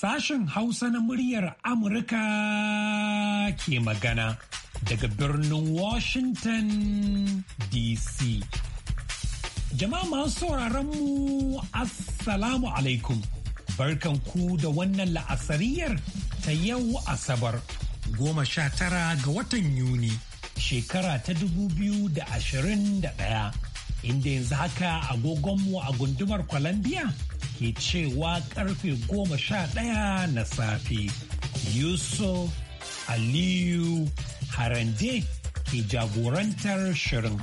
Sashen Hausa na muryar Amurka ke magana daga birnin Washington DC. Jama'a masu mu Assalamu alaikum. Barkan ku da wannan la'asariyar ta yau Asabar goma sha tara ga watan Yuni shekara ta dubu biyu da ashirin da ɗaya, inda yanzu haka agogonmu a gundumar kwalambiya. ke cewa karfe goma sha ɗaya na safe. Yusuf Aliyu Harande ke jagorantar shirin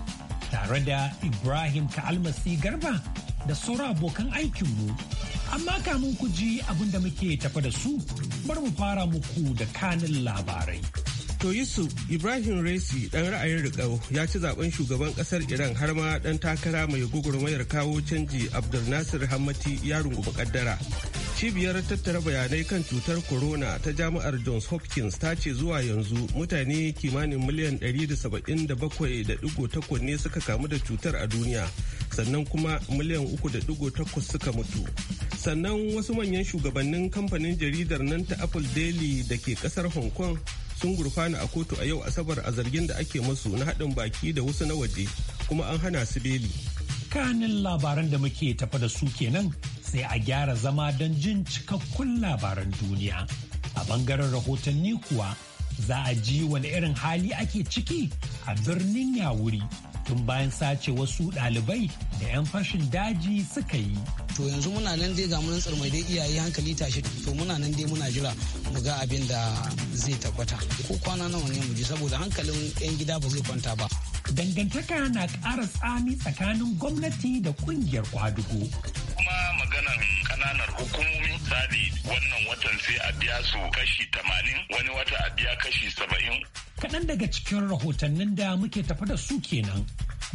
tare da Ibrahim almasi Garba da sauran abokan aikinmu. Amma kamun ku ji abin muke tafa da su, bari mu fara muku da kanin labarai. To Yusuf Ibrahim Raisi dan ra'ayin rikau ya ci zaben shugaban kasar Iran har ma ɗan takara mai gugurmayar kawo canji Abdul Nasir Hammati ya rungumi ƙaddara. Cibiyar tattara bayanai kan cutar corona ta jami'ar Johns Hopkins ta ce zuwa yanzu mutane kimanin miliyan 177.8 ne suka kamu da cutar a duniya sannan kuma miliyan 3.8 suka mutu. Sannan wasu manyan shugabannin kamfanin jaridar nan ta Apple Daily da ke kasar Hong Kong sun gurfana a kotu a yau asabar a zargin da ake musu na haɗin baki da wasu na waje kuma an hana su beli. kanin labaran da muke tafa da su kenan sai a gyara zama don jin cikakkun labaran duniya a bangaren rahotanni kuwa za a ji wani irin hali ake ciki a birnin wuri. tun bayan sace wasu ɗalibai da 'yan fashin daji suka yi. To yanzu muna nan dai ga munan tsirmai dai iyaye hankali tashi to muna nan dai muna jira mu ga abin da zai tabbata. Ko kwana nawa ne mu ji saboda hankalin 'yan gida ba zai kwanta ba. Dangantaka na ƙara tsami tsakanin gwamnati da ƙungiyar kwadugo. Kuma maganan kananan hukumomi misali wannan watan sai a biya su kashi tamanin wani wata a biya kashi saba'in kaɗan daga cikin rahotannin da muke tafa da su kenan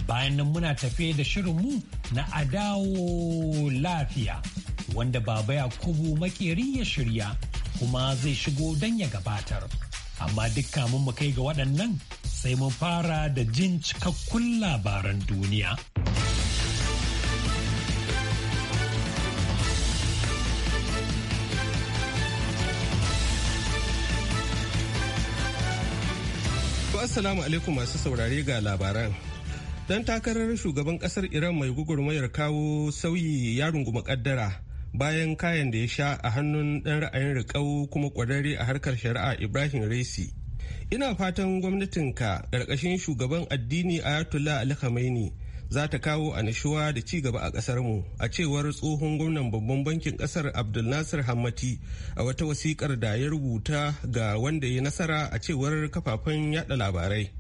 bayan nan muna tafe da shirinmu na adawo lafiya wanda baba yakubu makeri ya shirya kuma zai shigo don ya gabatar amma dukka mun mu kai ga waɗannan sai mun fara da jin cikakkun labaran duniya. assalamu alaikum masu saurare ga labaran. Dan takarar shugaban kasar Iran mai gugurmayar kawo sauyi ya runguma kaddara bayan kayan da ya sha a hannun dan ra'ayin riƙau kuma kwararre a harkar shari'a Ibrahim Raisi. Ina fatan gwamnatinka ƙarƙashin shugaban addini Ayatollah Ali Khamenei za ta kawo anishuwa da ci gaba a ƙasar mu a cewar tsohon gwamnan babban bankin kasar abdulnasir nasir hammati a wata wasikar da ya rubuta ga wanda ya nasara a cewar kafafen yada labarai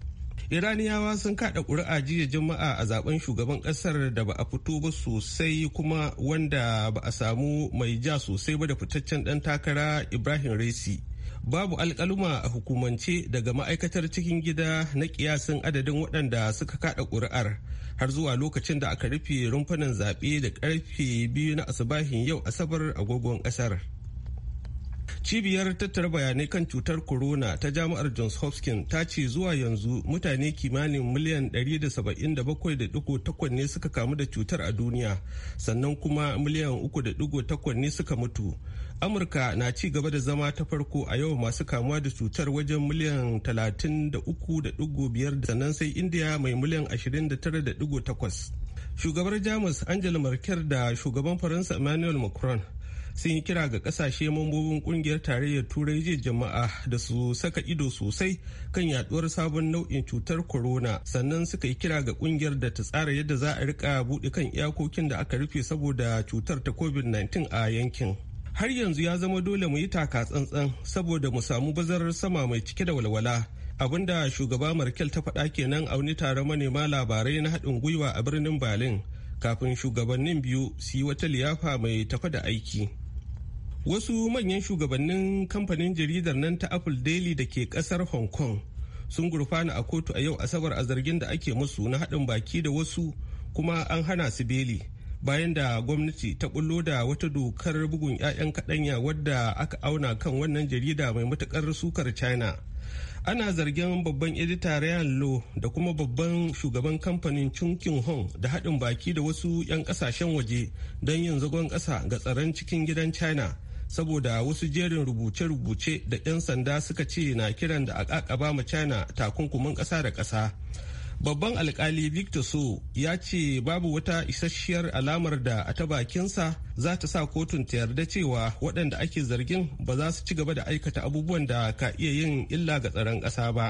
iraniyawa sun kada ƙuri'a jiya juma'a a zaben shugaban ƙasar da ba a fito ba sosai kuma wanda ba a samu mai ja sosai ba da fitaccen ɗan takara ibrahim raisi babu alkaluma a hukumance daga ma'aikatar cikin gida na kiyasin adadin waɗanda suka kada ƙuri'ar har zuwa lokacin da aka rufe rumfanin zaɓe da ƙarfe biyu na asibahin yau asabar agogon ƙasar Cibiyar tattara bayanai kan cutar corona ta jami'ar Johns Hopkins ta ce zuwa yanzu mutane kimanin miliyan 177.8 ne suka kamu da cutar a duniya sannan kuma miliyan 3.8 ne suka mutu. Amurka na ci gaba da zama ta farko a yau masu kamuwa da cutar wajen miliyan 33.5 sannan sai India mai miliyan 29.8. Shugabar Jamus Angela Merkel da shugaban Faransa Emmanuel Macron sun yi kira ga kasashe mambobin kungiyar tarayyar turai jiya jama'a da su saka ido sosai kan yaduwar sabon nau'in cutar corona sannan suka yi kira ga kungiyar da ta tsara yadda za a rika buɗe kan iyakokin da aka rufe saboda cutar ta covid-19 a yankin har yanzu ya zama dole mu yi taka tsantsan saboda mu samu bazarar sama mai cike da walwala da shugaba markel ta faɗa kenan a wani taron manema labarai na haɗin gwiwa a birnin berlin kafin shugabannin biyu su yi wata liyafa mai tafa da aiki wasu manyan shugabannin kamfanin jaridar nan ta apple daily da ke kasar hong kong sun gurfana a kotu a yau asabar a zargin da ake musu na haɗin baki da wasu kuma an hana su beli bayan da gwamnati ta bullo da wata dokar bugun 'ya'yan kaɗanya wadda aka auna kan wannan jarida mai matukar sukar china ana zargin babban edita ryan lo da kuma babban shugaban kamfanin chunkin hong da haɗin baki da wasu 'yan ƙasashen waje don yin zagon ƙasa ga tsaron cikin gidan china saboda wasu jerin rubuce-rubuce da 'yan sanda suka ce na kiran da akakaba ma china takunkumin kasa da kasa babban alkali victor so ya ce babu wata isasshiyar alamar da a ta bakinsa za ta sa kotun ta yarda cewa waɗanda ake zargin ba za su ci gaba da aikata abubuwan da ka iya yin illa ga tsaron ƙasa ba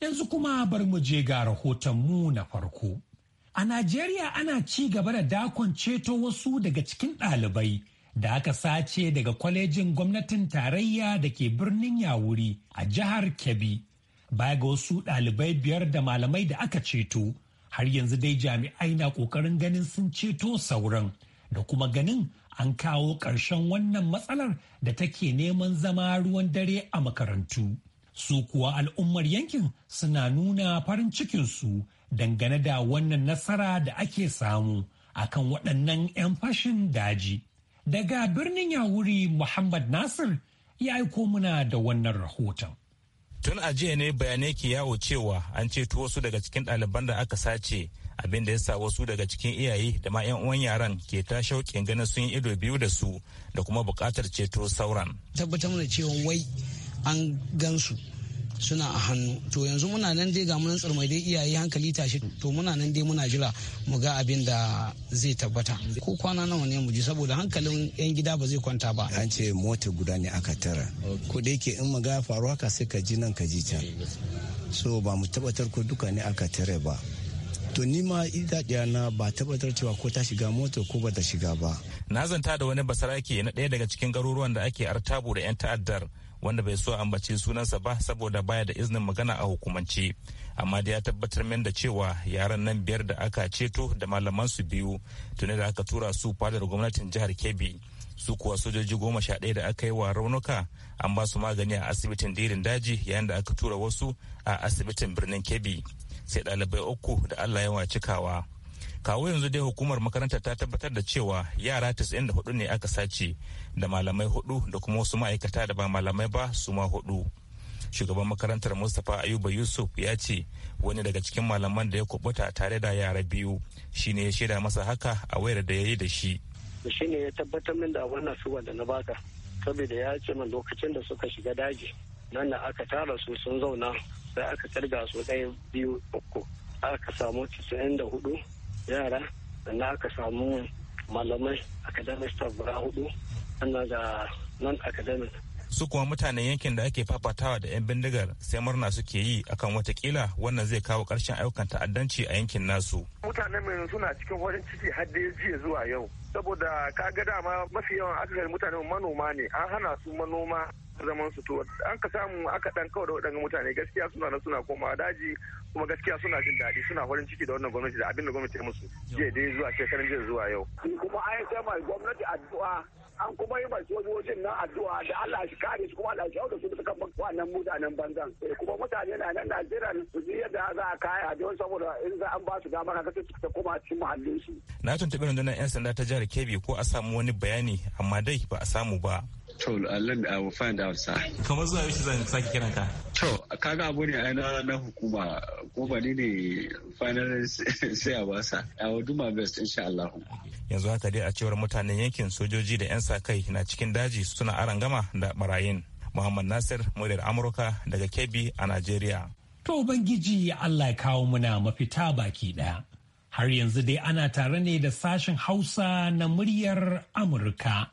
yanzu kuma bar mu je ga rahoton mu na farko A Najeriya ana ci gaba da dakon ceto wasu daga cikin ɗalibai da aka sace daga kwalejin gwamnatin tarayya da ke birnin Yawuri a jihar Kebbi. Baya ga wasu ɗalibai biyar da malamai da aka ceto, har yanzu dai jami'ai na ƙoƙarin ganin sun ceto sauran da kuma ganin an kawo ƙarshen wannan matsalar da take neman zama ruwan dare a makarantu. Su kuwa al'ummar yankin suna nuna farin cikinsu dangane da wannan nasara da ake samu a kan waɗannan 'yan fashin daji. Daga birnin Yawuri Muhammad Nasir ya aiko muna da wannan rahoton. Tun a jiya ne bayanai ke yawo cewa an ceto wasu daga cikin ɗaliban da aka sace abin da ya sa wasu daga cikin iyaye da ma 'yan uwan yaran ke ta shauƙin ganin sun yi ido biyu da su da kuma buƙatar ceto sauran. Tabbatar da cewa wai an gansu suna a hannu to yanzu muna nan dai ga munan tsarmai dai iyaye hankali tashi to muna nan dai muna jira mu ga abin da zai tabbata ko kwana nawa ne mu ji saboda hankalin yan gida ba zai kwanta ba an ce mota guda ne aka tara ko da yake in maga faru haka sai ka ji nan ka ji can so ba mu tabbatar ko duka ne aka tare ba to ni ma ita na ba tabbatar cewa ko ta shiga mota ko ba ta shiga ba na zanta da wani basarake na ɗaya daga cikin garuruwan da ake artabu da 'yan ta'addar wanda bai so ambaci sunansa ba saboda baya da iznin magana a hukumance amma da ya tabbatar min da cewa yaran nan biyar da aka ceto da malaman su biyu tuni da aka tura su fadar gwamnatin jihar kebbi su kuwa sojoji goma sha ɗaya da aka yi wa raunuka an ba su magani a asibitin dirin daji yayin da aka tura wasu a asibitin birnin kebbi sai ɗalibai uku da allah yawa cikawa kawo yanzu dai hukumar makarantar ta tabbatar da cewa yara 94 ne aka sace da malamai hudu da kuma wasu ma'aikata da ba malamai ba su ma hudu shugaban makarantar mustapha ayuba yusuf ya ce wani daga cikin malaman da ya kubuta tare da yara biyu shine ya shaida masa haka a wayar da ya yi da shi shine ya tabbatar min da wannan suwa wanda na baka saboda ya ce min lokacin da suka shiga daji nan na aka tara su sun zauna sai aka kirga su ɗaya biyu uku aka samu 94 yara sannan aka samu malamai academic staff guda hudu sannan da non academic su kuma mutanen yankin da ake fafatawa da 'yan bindigar sai murna suke yi akan watakila wannan zai kawo ƙarshen ayyukan ta'addanci a yankin nasu. mutanen mai suna cikin wajen ciki har da jiya zuwa yau saboda ka ga dama mafi yawan akasarin mutane manoma ne an hana su manoma zaman su to an ka samu aka dan kawo da waɗannan mutane gaskiya suna na suna koma daji kuma gaskiya suna jin daɗi suna farin ciki da wannan gwamnati da abin da gwamnati ta musu jiya dai zuwa shekaran jiya zuwa yau kuma an sai mai gwamnati addu'a an kuma yi mai sojojin nan addu'a da Allah shi kare su kuma Allah shi da su bisa kan nan mutanen banzan eh, kuma mutane na nan Najeriya su ji yadda za a kaya don saboda in za an ba su damar haka sai su koma cikin muhallin su na tuntuɓi rundunar 'yan sanda ta jihar Kebbi ko a samu wani bayani amma dai ba a samu ba to Allah I will find out sa kamar zuwa yau zan saki kiran ka to kaga abu ne ai na hukuma ko ba ne final sai a wasa I will do best insha Allah yanzu haka dai a cewar mutanen yankin sojoji da yan sa kai na cikin daji suna arangama da barayin Muhammad Nasir muryar Amurka daga Kebbi a Najeriya to ubangiji Allah ya kawo muna mafita baki daya har yanzu dai ana tare ne da sashen Hausa na muryar Amurka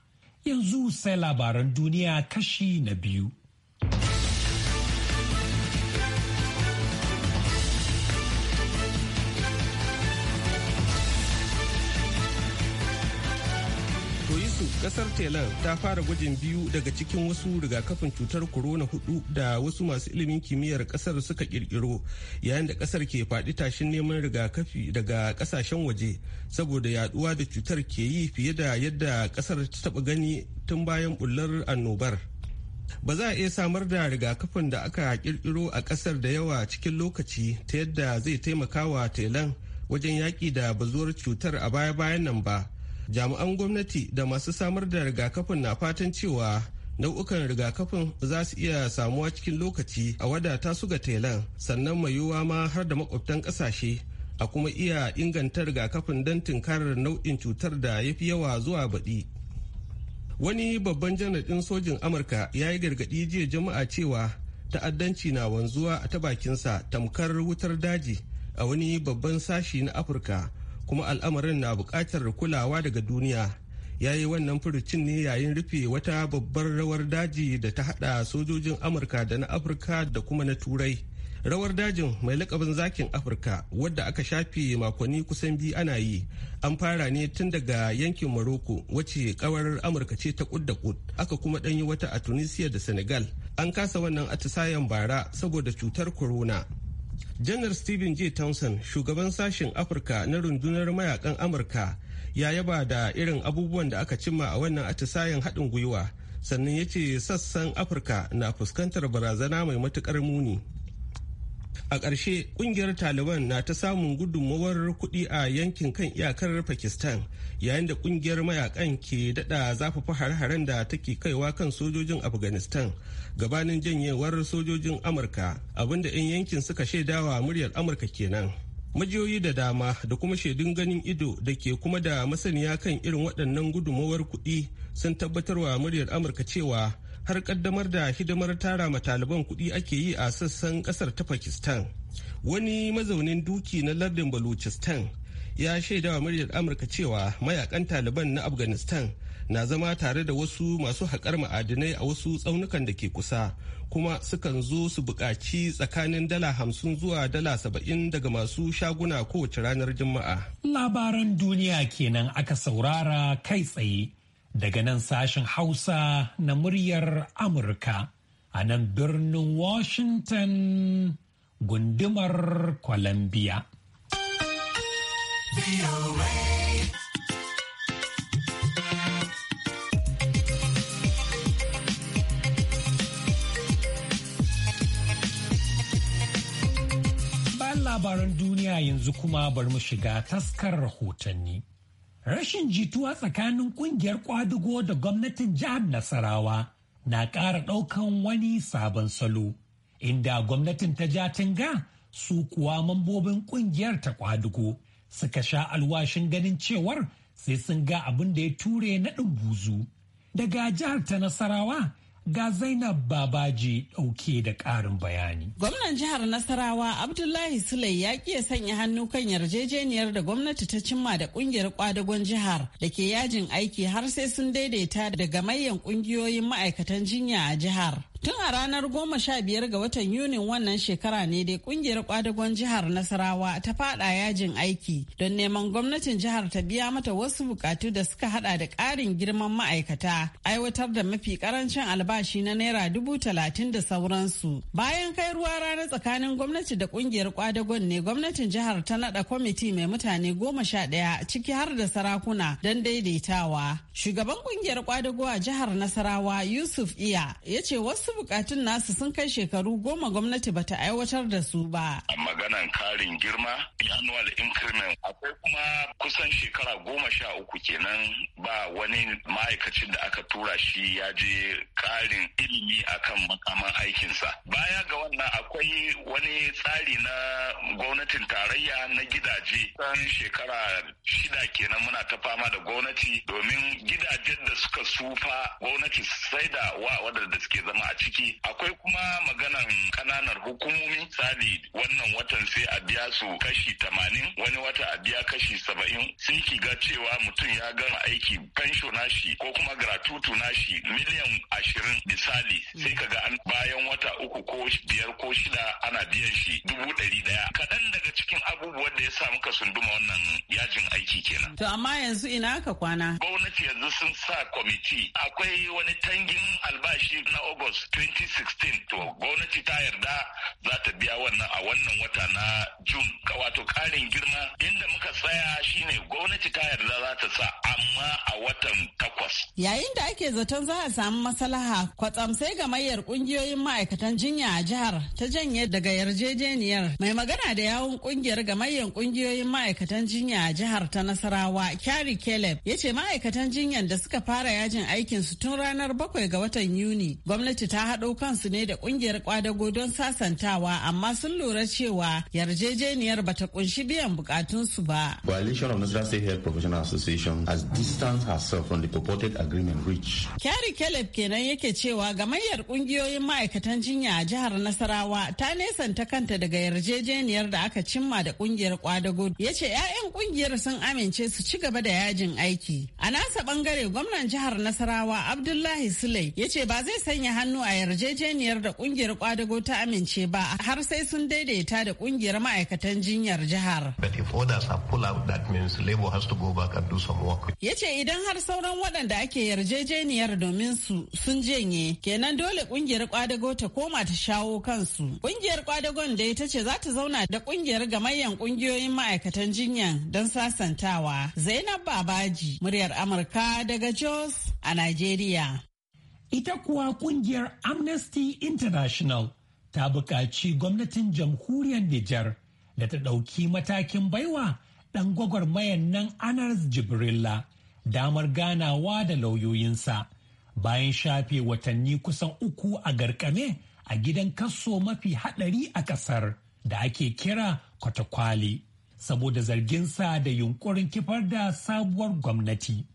Yanzu sai labaran duniya kashi na biyu. kasar tailan ta fara gwajin biyu daga cikin wasu rigakafin cutar corona hudu da wasu masu ilimin kimiyyar kasar suka kirkiro yayin da kasar ke faɗi tashin neman rigakafi daga kasashen waje saboda yaduwa da cutar ke yi fiye da yadda kasar ta taba gani tun bayan bullar annobar ba za a iya samar da rigakafin da aka kirkiro a kasar da yawa cikin lokaci ta yadda zai taimakawa tailan wajen yaƙi da bazuwar cutar a baya-bayan nan ba jami'an gwamnati da masu samar da rigakafin na fatan cewa nau'ukan rigakafin za su iya samuwa cikin lokaci a wadata su ga telan sannan mai yiwuwa ma har da makwabtan kasashe a kuma iya inganta rigakafin don tunkarar nau'in cutar da ya fi yawa zuwa baɗi wani babban janar sojin amurka ya yi gargaɗi jiya jama'a cewa ta'addanci na wanzuwa a ta bakinsa tamkar wutar daji a wani babban sashi na afirka kuma al'amarin na buƙatar kulawa daga duniya ya yi wannan furucin ne yayin rufe wata babbar rawar daji da ta haɗa sojojin amurka da na afirka da kuma na turai rawar dajin mai lakabin zakin afirka wadda aka shafe makonni kusan biyu ana yi an fara ne tun daga yankin maroko wacce kawar amurka ce ta kud da kud aka kuma ɗanyi wata a tunisia da senegal an kasa wannan atisayen bara saboda cutar corona janar stephen j townsend shugaban sashen afirka na rundunar mayakan amurka ya yaba da irin abubuwan da aka cimma a wannan atisayen haɗin gwiwa sannan ya ce sassan afirka na fuskantar barazana mai matukar muni a ƙarshe ƙungiyar taliban na ta samun gudunmawar kuɗi a yankin kan iyakar pakistan yayin da ƙungiyar mayakan ke daɗa zafafa har-haren da take kaiwa kan sojojin afghanistan gabanin janyewar sojojin amurka abinda 'yan yankin suka shaidawa muryar amurka kenan majiyoyi da dama da kuma shaidun ganin ido da ke kuma da masaniya kan irin waɗannan gudunmawar kuɗi sun tabbatarwa muryar amurka cewa har kaddamar da hidimar tara ma taliban kuɗi ake yi a sassan kasar ta pakistan wani mazaunin duki na lardin balochistan ya shaida wa muryar amurka cewa mayakan taliban na afghanistan na zama tare da wasu masu haƙar ma'adinai a wasu tsaunukan da ke kusa kuma sukan zo su buƙaci tsakanin dala hamsin zuwa dala saba'in daga masu shaguna kowace ranar juma'a labaran duniya kenan aka saurara kai tsaye daga nan sashen Hausa na muryar Amurka a nan birnin Washington gundumar Columbia. Bayan labaran duniya yanzu kuma bari mu shiga taskar rahotanni. rashin jituwa tsakanin kungiyar kwadugo da gwamnatin jihar Nasarawa na ƙara ɗaukan wani sabon salo, inda gwamnatin ta ja Jatinga su kuwa mambobin kungiyar ta kwadugo suka sha alwashin ganin cewar sai sun ga abin da ya ture naɗin buzu. Daga jihar ta Nasarawa Ga Zainab Babaji ɗauke da ƙarin bayani. Gwamnan jihar Nasarawa Abdullahi Sule ya ya sanya hannu kan yarjejeniyar da gwamnati ta cimma da ƙungiyar kwadagon jihar da ke yajin aiki har sai sun daidaita daga gamayyan ƙungiyoyin ma'aikatan jinya a jihar. Tun a ranar goma sha biyar ga watan Yunin wannan shekara ne dai kungiyar kwadagon jihar Nasarawa ta fada yajin aiki don neman gwamnatin jihar ta biya mata wasu bukatu da suka hada da ƙarin girman ma'aikata, aiwatar da mafi karancin albashi na naira dubu talatin da sauransu. Bayan kai ruwa rana tsakanin gwamnati da kungiyar kwadagon ne gwamnatin jihar ta nada kwamiti mai mutane goma sha ɗaya ciki har da sarakuna don daidaitawa. Shugaban kungiyar ƙwadago a jihar Nasarawa Yusuf Iya ya ce wasu bukatun nasu sun kai shekaru goma gwamnati bata aiwatar da su ba. A maganan karin girma, annual increment akwai kuma kusan shekara goma sha uku kenan ba wani ma'aikacin da aka tura shi ya je karin ilimi akan makaman aikinsa. Baya ga wannan akwai wani tsari na gwamnatin tarayya na gidaje. Kusan shekara shida kenan muna ta fama da gwamnati domin gidajen da suka sufa gwamnati sai da wa wadanda suke zama a ciki akwai kuma maganan kananan hukumomi sali wannan watan sai a biya su kashi tamanin wani wata a biya kashi saba'in sai ki ga cewa mutum ya gama aiki fensho nashi ko kuma gratutu nashi miliyan ashirin misali sai ka ga bayan wata uku ko biyar ko shida ana biyan shi dubu ɗari ɗaya kaɗan daga cikin abubuwan da ya sa muka sunduma wannan yajin aiki kenan. To amma yanzu ina ka kwana? Gwamnati yanzu sun sa kwamiti akwai wani tangin albashi na August 2016 to gwamnati ta yarda za ta biya wannan a wannan wata na Ka wato karin girma inda muka tsaya shine gwamnati ta yarda za ta sa amma a watan takwas yayin da ake zaton za a samu maslaha kwatsam sai gamayyar kungiyoyin ma'aikatan jinya a jihar ta janye daga yarjejeniyar mai magana da yawun kungiyar gamayyar kungiyoyin ma'aikatan jinya a jihar ta nasarawa kyari caleb ya ce ma'aikatan jinyar da suka fara yajin aikinsu tun ranar bakwai ga watan yuni gwamnati ta ta haɗo kansu ne da ƙungiyar kwadago don sasantawa amma sun lura cewa yarjejeniyar bata kunshi biyan bukatunsu ba. Coalition of Nasarawa State Health Professional Association has distanced herself from the purported agreement reached. Kyari Caleb kenan yake cewa gamayyar ƙungiyoyin ma'aikatan jinya a jihar Nasarawa ta nesanta kanta daga yarjejeniyar da aka cimma da ƙungiyar kwadago ya ce 'ya'yan ƙungiyar sun amince su ci gaba da yajin aiki. A nasa bangare gwamnan jihar Nasarawa Abdullahi Sule ya ce ba zai sanya hannu a yarjejeniyar da kungiyar kwadago ta amince ba har sai sun daidaita da kungiyar ma'aikatan jinyar jihar. Ya ce idan har sauran waɗanda ake yarjejeniyar domin su sun janye kenan dole kungiyar kwadago ta koma ta shawo kansu. Kungiyar kwadagon da ita ce za ta zauna da kungiyar gamayyan kungiyoyin ma'aikatan jinyar don sasantawa. Zainab Babaji, muryar Amurka daga Jos a Najeriya. Ita kuwa kungiyar Amnesty International ta buƙaci gwamnatin jamhuriyar Nijar da ta ɗauki matakin baiwa ɗan gwagwarmayan nan Anas Jibrilla damar ganawa da lauyoyinsa bayan shafe watanni kusan uku a garkame a gidan kaso mafi haɗari a ƙasar da ake kira kwatakwali saboda zarginsa da yunkurin kifar da sabuwar gwamnati.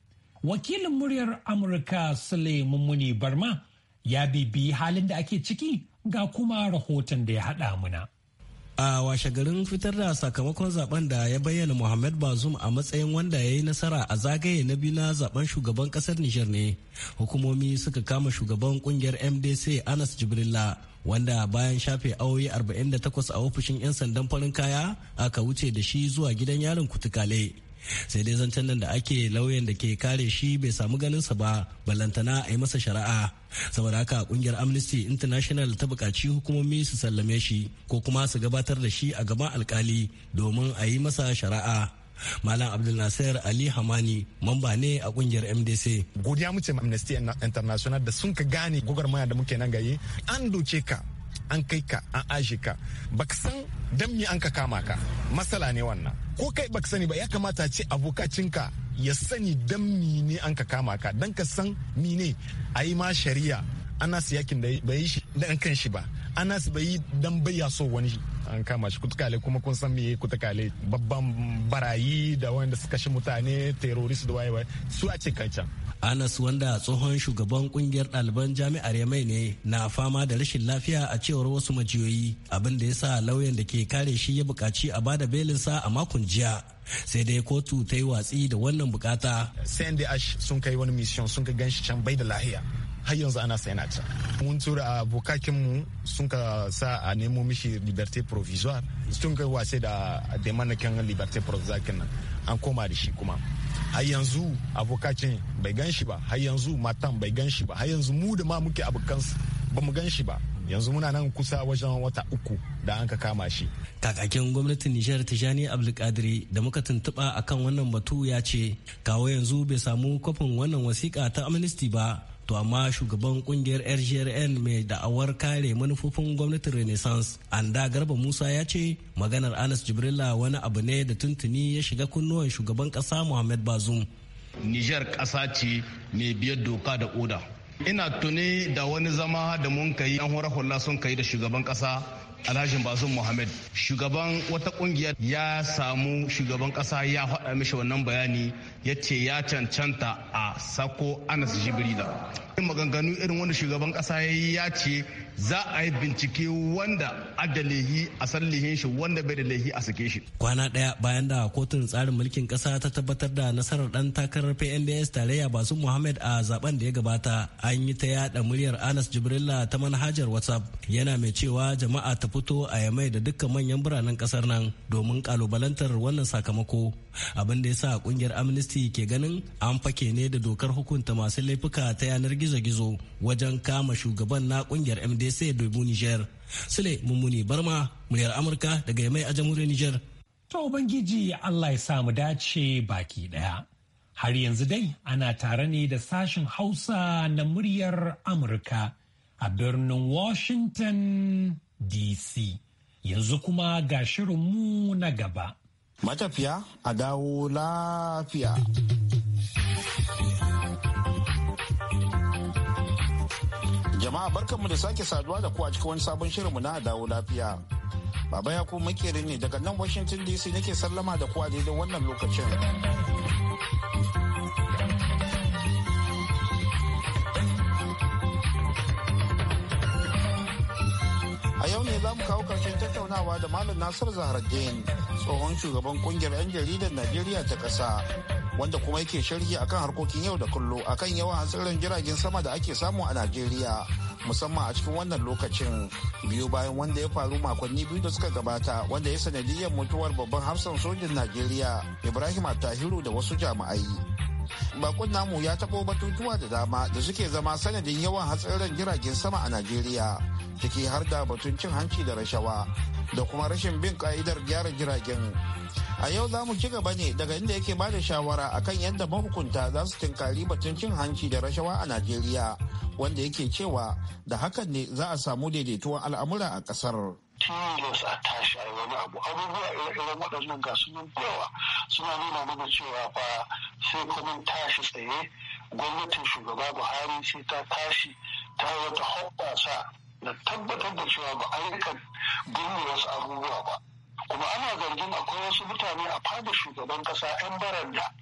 wakilin muryar amurka sule mummuni barma ya bibiyi halin da ake ciki ga kuma rahoton da ya haɗa muna a washegarin fitar da sakamakon zaben da ya bayyana Muhammad Bazoum a matsayin wanda ya yi nasara a zagaye na biyu na zaben shugaban kasar Nijar ne hukumomi suka kama shugaban kungiyar MDC Anas Jibrilla wanda bayan shafe awoyi 48 a ofishin 'yan sandan farin kaya aka wuce da shi zuwa gidan yarin kutukale sai dai zancen nan da ake lauyan da ke kare shi bai samu ganin sa ba ballantana a yi masa shari'a saboda haka kungiyar amnesty international ta bukaci hukumomi su sallame shi ko kuma su gabatar da shi a gaban alkali domin a yi masa shari'a malam abdul nasir ali hamani mamba ne a kungiyar mdc godiya mu amnesty international da sun ka gane maya da muke nan gaye an doke ka an kai ka an ashe ka baka san dan me an ka kama ka masala ne wannan ko kai baka sani ba ya kamata ce abokacinka ya sani dan ne an ka kama ka dan ka san ne a yi ma shari'a ana siyakin da bai yi dan kan shi ba anas bai yi dan bayya so wani an kama shi kutukale kuma kun san me kutukale babban barayi da wanda suka shi mutane terrorist da waye su a cikin can Anas wanda tsohon shugaban kungiyar ɗaliban jami'ar Yamai ne na fama da rashin lafiya a cewar wasu majiyoyi abin da ya sa lauyan da ke kare shi ya bukaci a bada belinsa a makon jiya. sai dai kotu ta yi watsi da wannan bukata. da Ash sun kai wani mission sun ka ganshi can bai da lahiya. har yanzu ana sa can mun tura abokakin mu sun ka sa a nemo mishi liberté provisoire sun ka wace da demanakin liberté provisoire nan an koma da shi kuma har yanzu abokakin bai gan shi ba har yanzu matan bai gan shi ba har yanzu mu da ma muke abokansu ba mu gan shi ba yanzu muna nan kusa wajen wata uku da an ka kama shi. Kakakin gwamnatin Nijar Tijani Abdulkadiri da muka tuntuɓa akan wannan batu ya ce, kawo yanzu bai samu kwafin wannan wasiƙa ta amnesty ba to amma shugaban kungiyar rgrn mai da'awar kare manufofin gwamnatin renaissance anda garba musa ya ce maganar anas jibrila wani abu ne da tuntuni ya shiga kunnuwan shugaban kasa muhammad bazum niger kasa ce mai biyar doka da oda ina tuni da wani zama da mun kai yan hula sun kai da shugaban kasa Alhajin Bazum Mohamed shugaban wata kungiya ya samu shugaban kasa ya faɗa mishi wannan bayani ya ce ya cancanta a sako Anas Jibrila. maganganu irin wanda shugaban kasa ya yi ya ce za a yi bincike wanda adda lehi a san lehin shi wanda bai da lehi a sake shi. Kwana ɗaya bayan da kotun tsarin mulkin kasa ta tabbatar da nasarar ɗan takarar PNDS tarayya Basu Muhammad a zaben da ya gabata an yi ta yaɗa muryar Anas jibrila ta manhajar WhatsApp yana mai cewa jama'a ta fito a yamai da dukkan manyan biranen kasar nan domin kalubalantar wannan sakamako abin da ya sa kungiyar amnesty ke ganin an fake ne da dokar hukunta masu laifuka ta yanar gizo-gizo wajen kama shugaban na kungiyar mdc dubu niger sule mummuni barma muryar amurka daga yamai a jamhuriyar niger ta ubangiji allah ya samu dace baki daya Har yanzu dai ana tare ne da sashen Hausa na muryar Amurka a birnin Washington DC. Yanzu kuma ga shirinmu na gaba. Matafiya a dawo lafiya. Jama'a barkanmu da sake saduwa da ku a cikin wani sabon shirinmu na dawo lafiya. Baba ya ku makeri ne daga nan Washington DC nake sallama da ku daidai wannan lokacin. kawo ƙarshen tattaunawa da Malam Nasir Zaharaddin tsohon shugaban kungiyar 'yan jaridar Najeriya ta ƙasa wanda kuma yake sharhi akan harkokin yau da kullum akan yawan hatsarin jiragen sama da ake samu a Najeriya musamman a cikin wannan lokacin biyu bayan wanda ya faru makonni biyu da suka gabata wanda ya sanadiyyar mutuwar babban hafsan sojin Najeriya Ibrahim Tahiru da wasu jami'ai. bakun namu ya taɓo batutuwa da dama da suke zama sanadin yawan hatsarin jiragen sama a najeriya ciki har da batun cin hanci da rashawa da kuma rashin bin ka'idar gyara jiragen a yau za mu ci gaba ne daga inda yake ba da shawara akan yadda mahukunta za su tinkari batun cin hanci da rashawa a najeriya wanda yake cewa da hakan ne za a samu daidaituwan al'amura a kasar tilas a tashi a wani abu abubuwa irin waɗannan ga su suna nuna mana cewa fa sai kuma tashi tsaye gwamnatin shugaba buhari sai ta tashi ta wata hoɓɓasa da tabbatar da cewa ba a rika gurmi wasu abubuwa ba kuma ana zargin akwai wasu mutane a fadar shugaban kasa 'yan baranda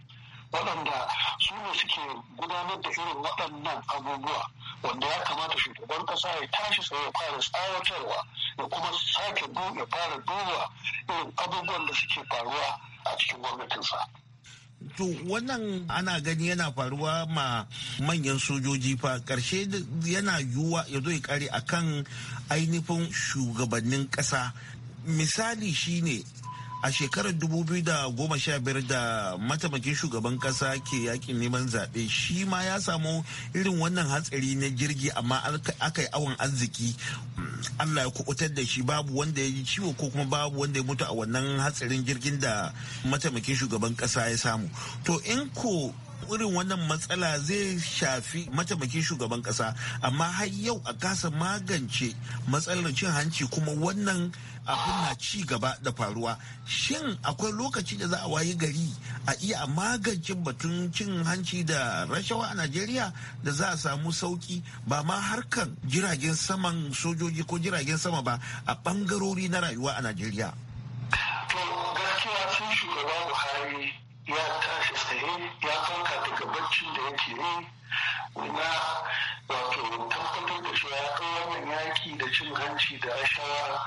waɗanda su ne suke gudanar da irin waɗannan abubuwa wanda ya kamata shugaban kasa ya tashi tsaye ya fara tsawatarwa ya kuma sake ya fara duba irin abubuwan da suke faruwa a cikin gwamnatinsa. To wannan ana gani yana faruwa ma manyan sojoji fa karshe yana yiwuwa ya zo ya kare akan ainihin shugabannin ƙasa. Misali shine a shekarar 2015 da mataimakin shugaban kasa ke yakin neman zaɓe shi ma ya samu irin wannan hatsari na jirgi amma aka yi awon arziki allah ya kubutar da shi babu wanda ya yi ciwo ko kuma babu wanda ya mutu a wannan hatsarin jirgin da mataimakin shugaban kasa ya samu to in ko irin wannan matsala zai shafi mataimakin shugaban kasa amma har yau a kasa magance matsalar cin hanci kuma wannan abin na ci gaba da faruwa shin akwai lokaci da za a wayi gari a iya magance batun cin hanci da rashawa a najeriya da za a samu sauki ba ma harkan jiragen saman sojoji ko jiragen sama ba a bangarori na rayuwa a najeriya ya ya daga da na wato tabbatar da cewa ya kawo wannan yaki da cin hanci da rashawa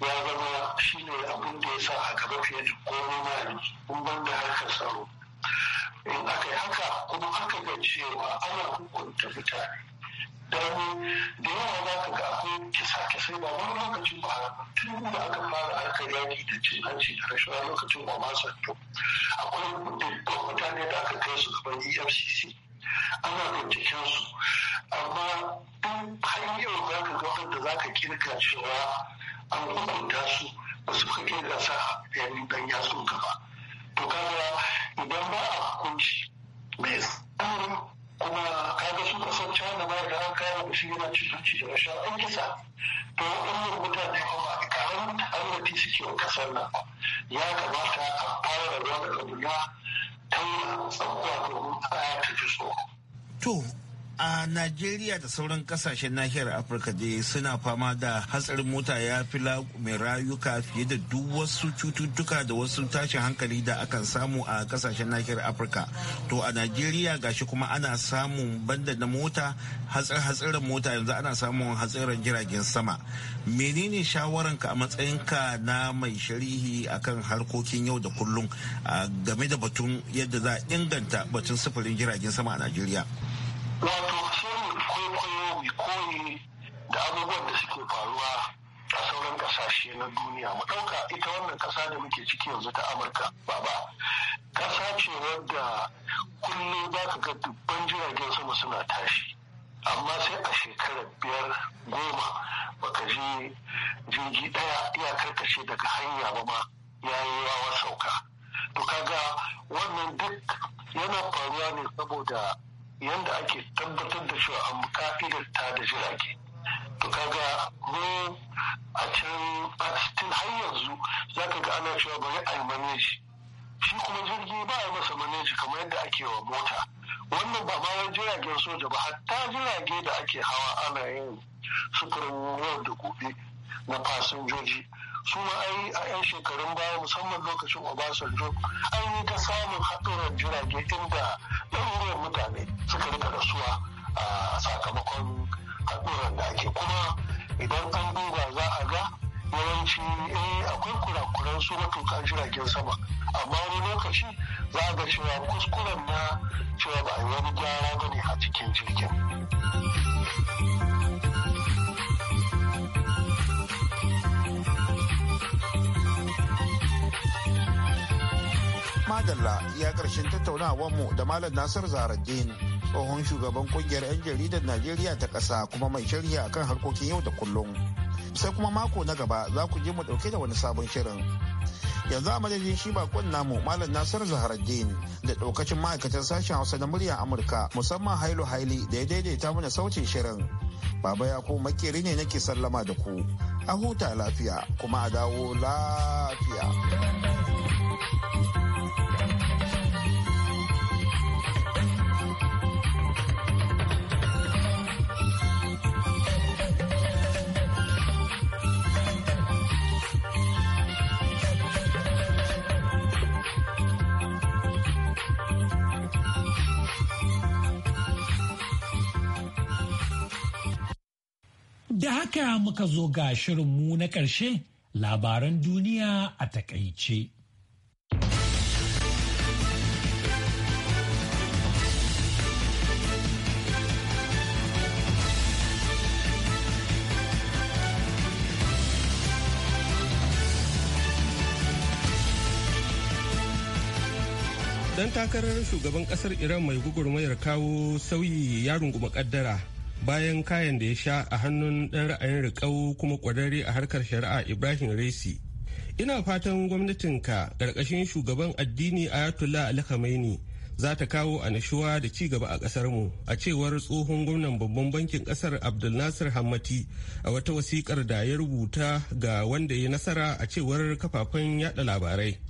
ya zama shine abin da ya sa a gaba fiye da komai ma in ban da harkar tsaro in aka yi haka kuma aka ga cewa ana hukunta mutane don da yawa za ka ga akwai kisa-kisai ba wani lokacin ba tun da aka fara harkar yaki da cin hanci da rashawa lokacin ba masu akwai mutane da aka kai su gaban efcc ana binciken su amma duk hanyar za ka ga wanda za ka kirka cewa an hukunta su ba su kai gasa yayin dan yatsun ka ba to kaga idan ba a hukunci mai tsarin kuma kaga su kasar China ba da an kama da shi yana da rashin an kisa to waɗannan mutane ba karamin ta'arrati suke wa kasar nan ya kamata a fara da wani abu na tauna tsakuwa domin a ta ji tsoro. To a najeriya da sauran kasashen nahiyar afirka da suna fama da hatsarin mota ya fi mai rayuka fiye da duk wasu cututtuka da wasu tashin hankali da akan samu a kasashen nahiyar afirka to a najeriya gashi kuma ana samun banda na mota hatsar hatsarin mota yanzu ana samun hatsarin jiragen sama menene shawararka a matsayinka na mai sharihi akan harkokin yau da kullum game da batun yadda za a inganta batun sufurin jiragen sama a najeriya wato sai mu kwaikwayo mu koyi da abubuwan da suke faruwa a sauran kasashe na duniya mu ɗauka ita wannan ƙasa da muke ciki yanzu ta amurka ba ba ƙasa ce wadda kullum za ka ga dubban jiragen sama suna tashi amma sai a shekarar biyar goma baka je jirgi ɗaya ya karkashe daga hanya ba ma ya yi wawa sauka to kaga wannan duk yana faruwa ne saboda yadda ake tabbatar da cewa an ka'idar ta da jirage to kaga mu a can cikin har yanzu za ka ga ana cewa bari a yi maneji shi kuma jirgi ba a masa maneji kamar yadda ake wa mota wannan ba ma jiragen soja ba hatta jirage da ake hawa ana yin sufurin yau da gobe na fasinjoji su ma ai a 'yan shekarun baya musamman lokacin obasanjo an yi ta samun haɗuran jirage inda ɗaruruwan mutane suka rika rasuwa a sakamakon haɗuran da ake kuma idan an duba za a ga yawanci eh akwai kurakuran su matuƙa jiragen sama amma wani lokaci za a ga cewa kuskuren na cewa ba a yi wani gyara ba ne a cikin jirgin madalla ya karshen mu da malam nasir zaraddin tsohon shugaban kungiyar 'yan jaridar najeriya ta ƙasa kuma mai sharhi akan harkokin yau da kullum sai kuma mako na gaba za ku ji mu ɗauke da wani sabon shirin yanzu a madadin shi bakon namu malam nasir zaharaddin da ɗaukacin ma'aikatan sashen hausa na muryar amurka musamman hailu haili da ya daidaita mana sautin shirin baba ya ko makeri ne nake sallama da ku a huta lafiya kuma a dawo lafiya Da haka muka zo ga shirinmu na ƙarshe labaran duniya a takaice. Dan takarar shugaban kasar Iran mai gugurmayar kawo sauyi ya runguma kaddara bayan kayan da ya sha a hannun dan ra'ayin rikau kuma kwararre a harkar shari'a Ibrahim Raisi. Ina fatan gwamnatinka karkashin shugaban addini Ayatollah Ali Khamenei za ta kawo annashuwa da ci gaba a kasar mu a cewar tsohon gwamnan babban bankin kasar Abdul Nasir Hammati a wata wasikar da ya rubuta ga wanda ya nasara a cewar kafafen yada labarai.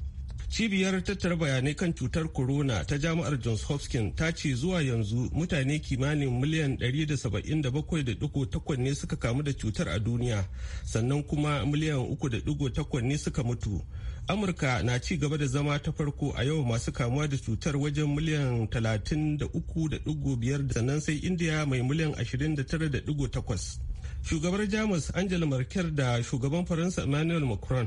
cibiyar tattara bayanai kan cutar corona ta jami'ar johns hopkins ta ce zuwa yanzu mutane kimanin miliyan 177.8 ne suka kamu da cutar a duniya sannan kuma miliyan 3.8 ne suka mutu amurka na ci gaba da zama ta farko a yau masu kamuwa da cutar wajen miliyan 33.5 sannan sai india mai miliyan 29.8 shugabar jamus angela merkel da shugaban faransa emmanuel macron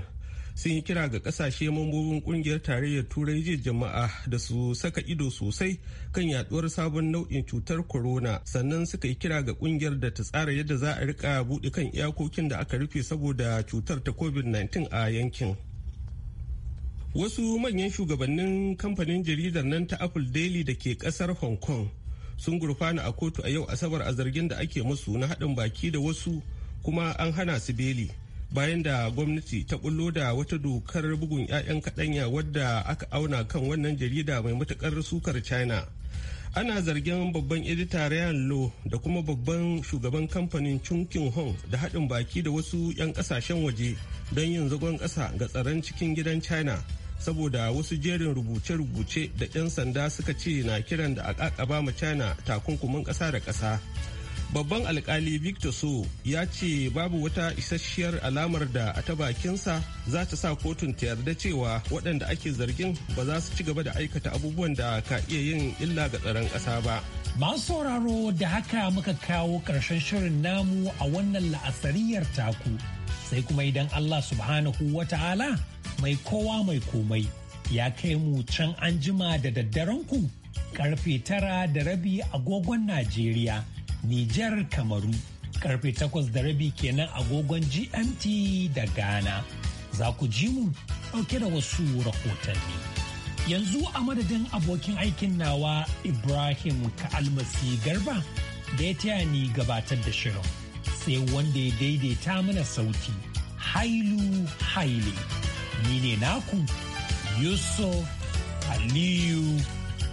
sun yi kira ga kasashe mambobin kungiyar tarayyar turai jiya jama'a da su saka ido sosai kan yaduwar sabon nau'in cutar corona sannan suka yi kira ga kungiyar da ta tsara yadda za a rika buɗe kan iyakokin da aka rufe saboda cutar ta covid-19 a yankin wasu manyan shugabannin kamfanin jaridar nan ta apple daily da ke kasar hong kong sun gurfana a kotu a yau asabar a zargin da ake musu na haɗin baki da wasu kuma an hana su beli bayan da gwamnati ta bullo da wata dokar bugun 'ya'yan kaɗanya wadda aka auna kan wannan jarida mai matuƙar sukar china ana zargin babban edita Ryan Lo da kuma babban shugaban kamfanin Chunkin Hong da haɗin baki da wasu 'yan ƙasashen waje don yin zagon ƙasa ga tsaron cikin gidan China saboda wasu jerin rubuce-rubuce da 'yan sanda suka ce na kiran da a ƙaƙaba ma China takunkumin ƙasa da ƙasa. babban alkali victor so ya ce babu wata isasshiyar alamar da a ta bakinsa za ta sa kotun ta yarda cewa waɗanda ake zargin ba za su ci gaba da aikata abubuwan da ka iya yin illa ga tsaron ƙasa ba masu sauraro da haka muka kawo ƙarshen shirin namu a wannan la'asariyar taku sai kuma idan allah subhanahu wata'ala mai kowa mai komai ya kai mu can anjima da daddaren ku karfe tara da rabi agogon najeriya Nijar Kamaru karfe takwas da rabi kenan agogon GMT da Ghana. Za ku ji mu ɗauke da wasu rahotanni. Yanzu a madadin abokin aikin nawa Ibrahim Ka'almasi Garba da ya taya ni gabatar da shirin. Sai wanda ya daidaita mana sauti, Hailu Haile. Ni ne naku Yusuf Aliyu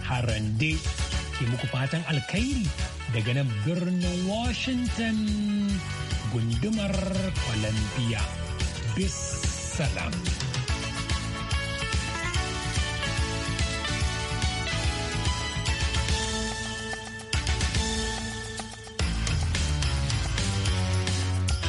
Harande ke muku fatan alkhairi. daga nan birnin Washington gundumar Columbia. Bis salam.